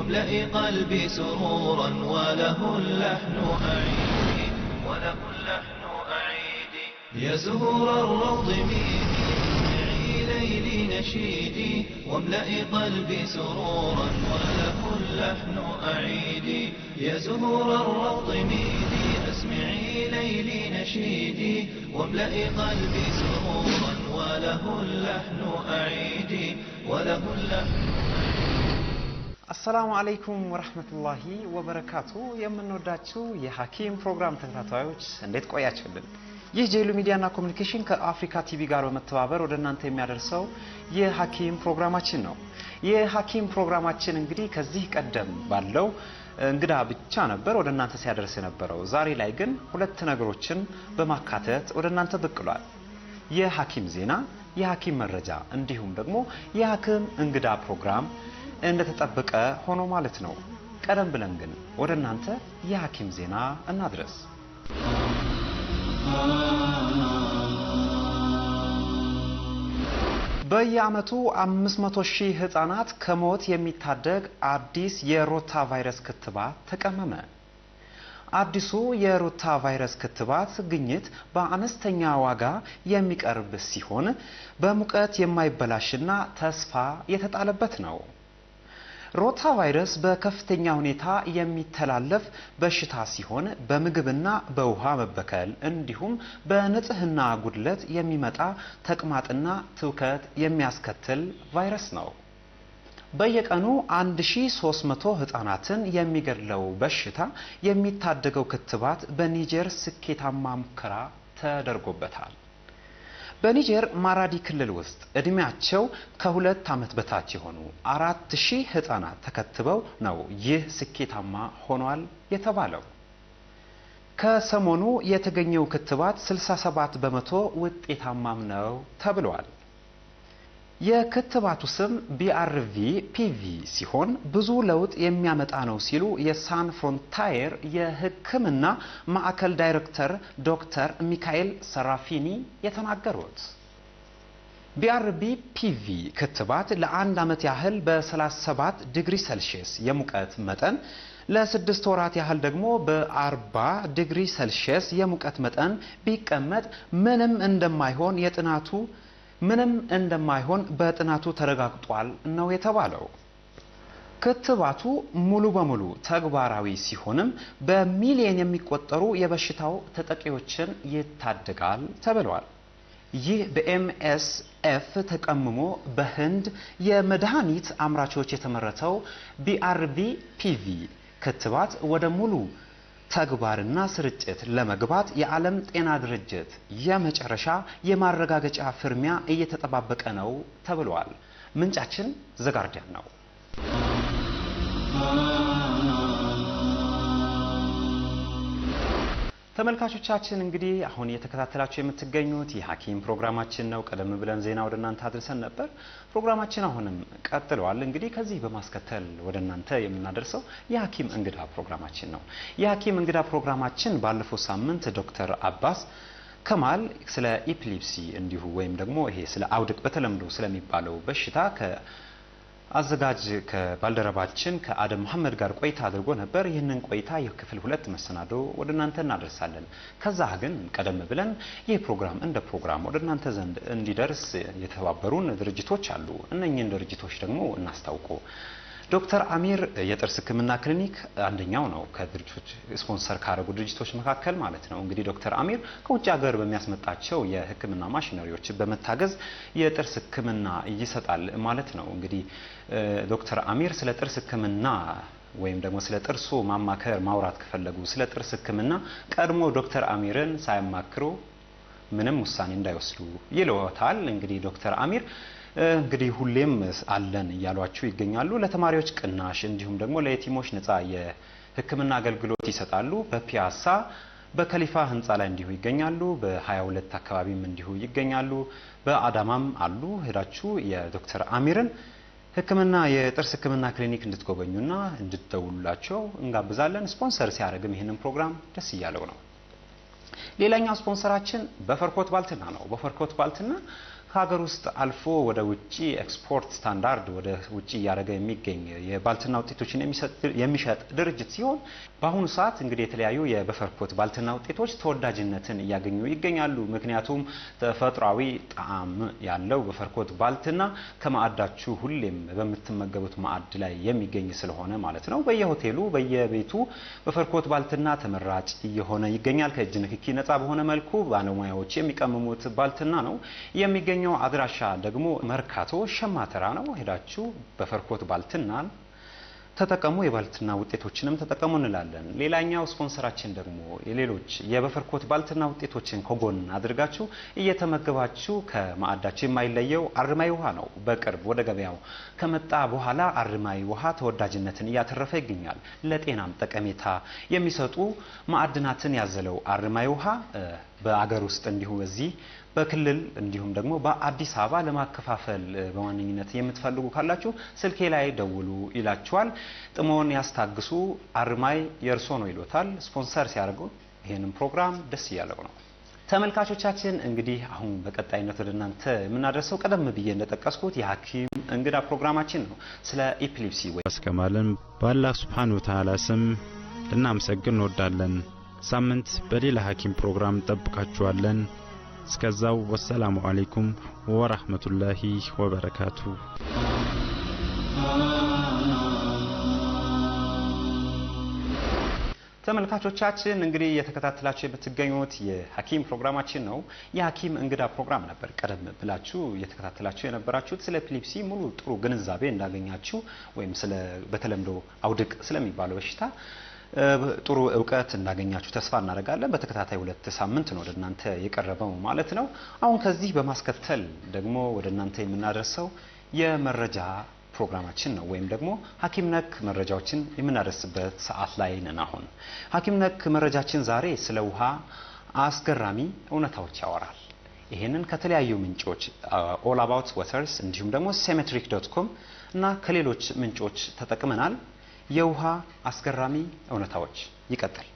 واملئ قلبي سرورا وله اللحن أعيدي وله اللحن أعيدي يا زهور الروض ميدي ليلي نشيدي واملئ قلبي سرورا وله اللحن أعيدي يا زهور الروض ميدي اسمعي ليلي نشيدي واملئ قلبي سرورا وله اللحن أعيدي وله اللحن أعيدي አሰላሙ አለይኩም ወረህመቱላሂ ወበረካቱ። የምንወዳችው የሀኪም ፕሮግራም ተከታታዮች እንዴት ቆያችሁልን? ይህ ጄሉ ሚዲያና ኮሚኒኬሽን ከአፍሪካ ቲቪ ጋር በመተባበር ወደ እናንተ የሚያደርሰው የሀኪም ፕሮግራማችን ነው። የሀኪም ፕሮግራማችን እንግዲህ ከዚህ ቀደም ባለው እንግዳ ብቻ ነበር ወደ እናንተ ሲያደርስ የነበረው። ዛሬ ላይ ግን ሁለት ነገሮችን በማካተት ወደ እናንተ ብቅሏል። የሀኪም ዜና፣ የሀኪም መረጃ እንዲሁም ደግሞ የሀኪም እንግዳ ፕሮግራም እንደተጠበቀ ሆኖ ማለት ነው። ቀደም ብለን ግን ወደ እናንተ የሐኪም ዜና እናድረስ። በየዓመቱ 500 ሺህ ህጻናት ከሞት የሚታደግ አዲስ የሮታ ቫይረስ ክትባት ተቀመመ። አዲሱ የሮታ ቫይረስ ክትባት ግኝት በአነስተኛ ዋጋ የሚቀርብ ሲሆን በሙቀት የማይበላሽና ተስፋ የተጣለበት ነው። ሮታ ቫይረስ በከፍተኛ ሁኔታ የሚተላለፍ በሽታ ሲሆን በምግብና በውሃ መበከል እንዲሁም በንጽህና ጉድለት የሚመጣ ተቅማጥና ትውከት የሚያስከትል ቫይረስ ነው። በየቀኑ 1300 ህጻናትን የሚገድለው በሽታ የሚታደገው ክትባት በኒጀር ስኬታማ ሙከራ ተደርጎበታል። በኒጀር ማራዲ ክልል ውስጥ እድሜያቸው ከሁለት ዓመት በታች የሆኑ አራት ሺህ ህጻናት ተከትበው ነው ይህ ስኬታማ ሆኗል የተባለው። ከሰሞኑ የተገኘው ክትባት 67 በመቶ ውጤታማም ነው ተብሏል። የክትባቱ ስም ቢአርቪ ፒቪ ሲሆን ብዙ ለውጥ የሚያመጣ ነው ሲሉ የሳን ፍሮንታየር የሕክምና ማዕከል ዳይሬክተር ዶክተር ሚካኤል ሰራፊኒ የተናገሩት። ቢአርቢ ፒቪ ክትባት ለአንድ ዓመት ያህል በ37 ዲግሪ ሴልሺየስ የሙቀት መጠን ለስድስት ወራት ያህል ደግሞ በ40 ዲግሪ ሴልሺየስ የሙቀት መጠን ቢቀመጥ ምንም እንደማይሆን የጥናቱ ምንም እንደማይሆን በጥናቱ ተረጋግጧል ነው የተባለው። ክትባቱ ሙሉ በሙሉ ተግባራዊ ሲሆንም በሚሊየን የሚቆጠሩ የበሽታው ተጠቂዎችን ይታደጋል ተብሏል። ይህ በኤምኤስኤፍ ተቀምሞ በህንድ የመድኃኒት አምራቾች የተመረተው ቢአርቢ ፒቪ ክትባት ወደ ሙሉ ተግባርና ስርጭት ለመግባት የዓለም ጤና ድርጅት የመጨረሻ የማረጋገጫ ፍርሚያ እየተጠባበቀ ነው ተብሏል። ምንጫችን ዘጋርዲያን ነው። ተመልካቾቻችን እንግዲህ አሁን እየተከታተላችሁ የምትገኙት የሐኪም ፕሮግራማችን ነው። ቀደም ብለን ዜና ወደ እናንተ አድርሰን ነበር። ፕሮግራማችን አሁንም ቀጥሏል። እንግዲህ ከዚህ በማስከተል ወደ እናንተ የምናደርሰው የሐኪም እንግዳ ፕሮግራማችን ነው። የሐኪም እንግዳ ፕሮግራማችን ባለፈው ሳምንት ዶክተር አባስ ከማል ስለ ኢፕሊፕሲ እንዲሁ ወይም ደግሞ ይሄ ስለ አውድቅ በተለምዶ ስለሚባለው በሽታ አዘጋጅ ከባልደረባችን ከአደም መሐመድ ጋር ቆይታ አድርጎ ነበር። ይህንን ቆይታ የክፍል ሁለት መሰናዶ ወደ እናንተ እናደርሳለን። ከዛ ግን ቀደም ብለን ይህ ፕሮግራም እንደ ፕሮግራም ወደ እናንተ ዘንድ እንዲደርስ የተባበሩን ድርጅቶች አሉ። እነኚህን ድርጅቶች ደግሞ እናስታውቁ። ዶክተር አሚር የጥርስ ህክምና ክሊኒክ አንደኛው ነው ከድርጅቶች ስፖንሰር ካደረጉ ድርጅቶች መካከል ማለት ነው። እንግዲህ ዶክተር አሚር ከውጭ ሀገር በሚያስመጣቸው የህክምና ማሽነሪዎች በመታገዝ የጥርስ ህክምና ይሰጣል ማለት ነው። እንግዲህ ዶክተር አሚር ስለ ጥርስ ህክምና ወይም ደግሞ ስለ ጥርሱ ማማከር ማውራት ከፈለጉ ስለ ጥርስ ህክምና ቀድሞ ዶክተር አሚርን ሳያማክሩ ምንም ውሳኔ እንዳይወስዱ ይለዎታል። እንግዲህ ዶክተር አሚር እንግዲህ ሁሌም አለን እያሏችሁ ይገኛሉ። ለተማሪዎች ቅናሽ እንዲሁም ደግሞ ለየቲሞች ነጻ የሕክምና አገልግሎት ይሰጣሉ። በፒያሳ በከሊፋ ህንፃ ላይ እንዲሁ ይገኛሉ። በ22 አካባቢም እንዲሁ ይገኛሉ። በአዳማም አሉ። ሄዳችሁ የዶክተር አሚርን ህክምና የጥርስ ህክምና ክሊኒክ እንድትጎበኙና እንድትደውሉላቸው እንጋብዛለን። ስፖንሰር ሲያደርግም ይህንን ፕሮግራም ደስ እያለው ነው። ሌላኛው ስፖንሰራችን በፈርኮት ባልትና ነው። በፈርኮት ባልትና ከሀገር ውስጥ አልፎ ወደ ውጭ ኤክስፖርት ስታንዳርድ ወደ ውጭ እያደረገ የሚገኝ የባልትና ውጤቶችን የሚሸጥ ድርጅት ሲሆን በአሁኑ ሰዓት እንግዲህ የተለያዩ የበፈርኮት ባልትና ውጤቶች ተወዳጅነትን እያገኙ ይገኛሉ። ምክንያቱም ተፈጥሯዊ ጣዕም ያለው በፈርኮት ባልትና ከማዕዳችሁ ሁሌም በምትመገቡት ማዕድ ላይ የሚገኝ ስለሆነ ማለት ነው። በየሆቴሉ በየቤቱ በፈርኮት ባልትና ተመራጭ እየሆነ ይገኛል። ከእጅ ንክኪ ነፃ በሆነ መልኩ ባለሙያዎች የሚቀምሙት ባልትና ነው የሚገኝ ሁለተኛው አድራሻ ደግሞ መርካቶ ሸማተራ ነው። ሄዳችሁ በፈርኮት ባልትና ተጠቀሙ፣ የባልትና ውጤቶችንም ተጠቀሙ እንላለን። ሌላኛው ስፖንሰራችን ደግሞ የሌሎች የበፈርኮት ባልትና ውጤቶችን ከጎን አድርጋችሁ እየተመገባችሁ ከማዕዳችሁ የማይለየው አርማይ ውሃ ነው። በቅርብ ወደ ገበያው ከመጣ በኋላ አርማይ ውሃ ተወዳጅነትን እያተረፈ ይገኛል። ለጤናም ጠቀሜታ የሚሰጡ ማዕድናትን ያዘለው አርማይ ውሃ በአገር ውስጥ እንዲሁ በዚህ በክልል እንዲሁም ደግሞ በአዲስ አበባ ለማከፋፈል በዋነኝነት የምትፈልጉ ካላችሁ ስልኬ ላይ ደውሉ ይላችኋል። ጥሞን ያስታግሱ፣ አርማይ የእርሶ ነው ይሎታል። ስፖንሰር ሲያደርጉ ይህንም ፕሮግራም ደስ እያለው ነው። ተመልካቾቻችን እንግዲህ አሁን በቀጣይነት ወደ እናንተ የምናደርሰው ቀደም ብዬ እንደጠቀስኩት የሐኪም እንግዳ ፕሮግራማችን ነው። ስለ ኤፒሌፕሲ ወይ አስከማለን በአላህ ስብሓን ወተዓላ ስም ልናመሰግን እንወዳለን። ሳምንት በሌላ ሐኪም ፕሮግራም እንጠብቃችኋለን። እስከዛው ወሰላሙ አለይኩም ወራህመቱላሂ ወበረካቱ። ተመልካቾቻችን እንግዲህ የተከታተላችሁ የምትገኙት የሀኪም ፕሮግራማችን ነው። የሀኪም እንግዳ ፕሮግራም ነበር። ቀደም ብላችሁ እየተከታተላችሁ የነበራችሁት ስለ ፊሊፕሲ ሙሉ ጥሩ ግንዛቤ እንዳገኛችሁ ወይም ስለ በተለምዶ አውድቅ ስለሚባለው በሽታ ጥሩ እውቀት እንዳገኛችሁ ተስፋ እናደርጋለን። በተከታታይ ሁለት ሳምንት ነው ወደ እናንተ የቀረበው ማለት ነው። አሁን ከዚህ በማስከተል ደግሞ ወደ እናንተ የምናደርሰው የመረጃ ፕሮግራማችን ነው ወይም ደግሞ ሐኪም ነክ መረጃዎችን የምናደርስበት ሰዓት ላይ ነን። አሁን ሐኪም ነክ መረጃችን ዛሬ ስለ ውሃ አስገራሚ እውነታዎች ያወራል። ይህንን ከተለያዩ ምንጮች ኦል አባውት ወተርስ እንዲሁም ደግሞ ሴሜትሪክ ዶት ኮም እና ከሌሎች ምንጮች ተጠቅመናል። የውሃ አስገራሚ እውነታዎች ይቀጥል።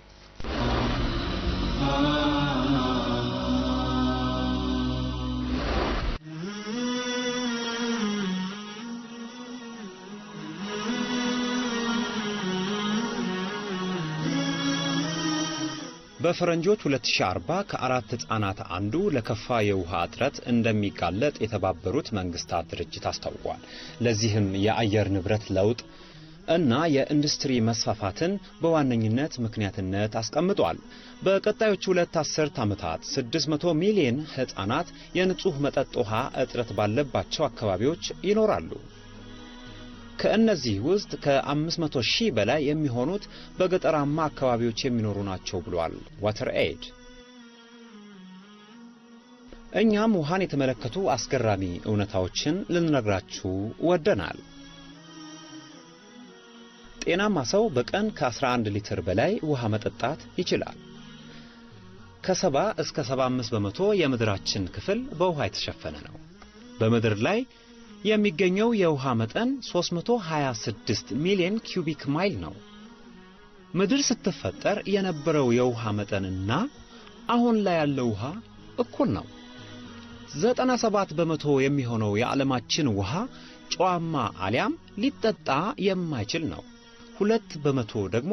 በፈረንጆች 2040 ከአራት ህጻናት አንዱ ለከፋ የውሃ እጥረት እንደሚጋለጥ የተባበሩት መንግስታት ድርጅት አስታውቋል። ለዚህም የአየር ንብረት ለውጥ እና የኢንዱስትሪ መስፋፋትን በዋነኝነት ምክንያትነት አስቀምጧል። በቀጣዮቹ ሁለት አስርት ዓመታት 600 ሚሊዮን ሕፃናት የንጹህ መጠጥ ውሃ እጥረት ባለባቸው አካባቢዎች ይኖራሉ። ከእነዚህ ውስጥ ከ500 ሺህ በላይ የሚሆኑት በገጠራማ አካባቢዎች የሚኖሩ ናቸው ብሏል ዋተር ኤድ። እኛም ውሃን የተመለከቱ አስገራሚ እውነታዎችን ልንነግራችሁ ወደናል። ጤናማ ሰው በቀን ከ11 ሊትር በላይ ውሃ መጠጣት ይችላል። ከ70 እስከ 75 በመቶ የምድራችን ክፍል በውሃ የተሸፈነ ነው። በምድር ላይ የሚገኘው የውሃ መጠን 326 ሚሊዮን ኪዩቢክ ማይል ነው። ምድር ስትፈጠር የነበረው የውሃ መጠንና አሁን ላይ ያለው ውሃ እኩል ነው። 97 በመቶ የሚሆነው የዓለማችን ውሃ ጨዋማ አሊያም ሊጠጣ የማይችል ነው። ሁለት በመቶ ደግሞ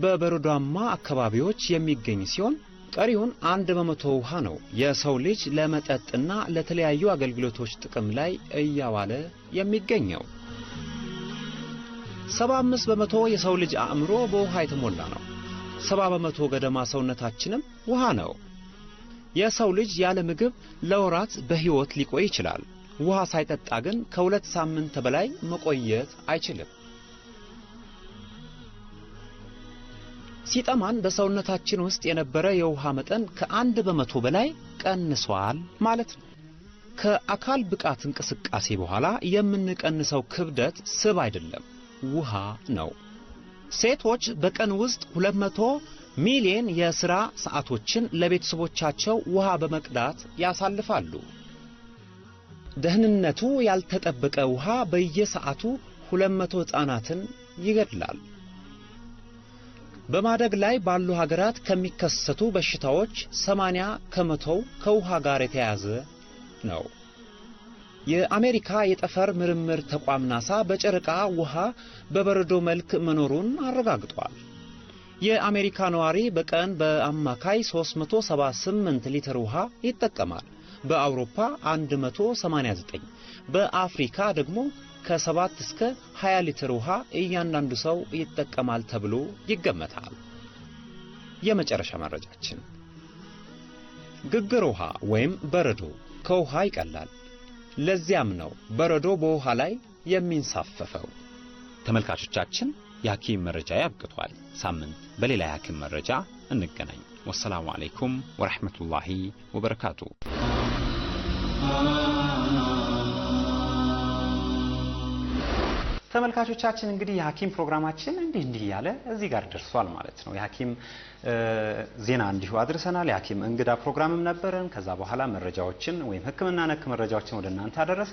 በበረዷማ አካባቢዎች የሚገኝ ሲሆን ቀሪውን አንድ በመቶ ውሃ ነው የሰው ልጅ ለመጠጥና ለተለያዩ አገልግሎቶች ጥቅም ላይ እያዋለ የሚገኘው። ሰባ አምስት በመቶ የሰው ልጅ አእምሮ በውሃ የተሞላ ነው። ሰባ በመቶ ገደማ ሰውነታችንም ውሃ ነው። የሰው ልጅ ያለ ምግብ ለወራት በሕይወት ሊቆይ ይችላል። ውሃ ሳይጠጣ ግን ከሁለት ሳምንት በላይ መቆየት አይችልም። ሲጠማን በሰውነታችን ውስጥ የነበረ የውሃ መጠን ከአንድ በመቶ በላይ ቀንሷል ማለት ነው። ከአካል ብቃት እንቅስቃሴ በኋላ የምንቀንሰው ክብደት ስብ አይደለም፣ ውሃ ነው። ሴቶች በቀን ውስጥ 200 ሚሊየን የሥራ ሰዓቶችን ለቤተሰቦቻቸው ውሃ በመቅዳት ያሳልፋሉ። ደህንነቱ ያልተጠበቀ ውሃ በየሰዓቱ 200 ሕፃናትን ይገድላል። በማደግ ላይ ባሉ ሀገራት ከሚከሰቱ በሽታዎች 80 ከመቶው ከውሃ ጋር የተያያዘ ነው። የአሜሪካ የጠፈር ምርምር ተቋም ናሳ በጨረቃ ውሃ በበረዶ መልክ መኖሩን አረጋግጧል። የአሜሪካ ነዋሪ በቀን በአማካይ 378 ሊትር ውሃ ይጠቀማል። በአውሮፓ 189፣ በአፍሪካ ደግሞ ከሰባት እስከ 20 ሊትር ውሃ እያንዳንዱ ሰው ይጠቀማል ተብሎ ይገመታል። የመጨረሻ መረጃችን ግግር ውሃ ወይም በረዶ ከውሃ ይቀላል። ለዚያም ነው በረዶ በውሃ ላይ የሚንሳፈፈው። ተመልካቾቻችን የሐኪም መረጃ ያብቅቷል። ሳምንት በሌላ የሐኪም መረጃ እንገናኝ። ወሰላሙ አለይኩም ወራህመቱላሂ ወበረካቱ። ተመልካቾቻችን እንግዲህ የሐኪም ፕሮግራማችን እንዲህ እንዲህ እያለ እዚህ ጋር ደርሷል ማለት ነው። የሐኪም ዜና እንዲሁ አድርሰናል። የሐኪም እንግዳ ፕሮግራምም ነበረን። ከዛ በኋላ መረጃዎችን ወይም ሕክምና ነክ መረጃዎችን ወደ እናንተ አደረስን።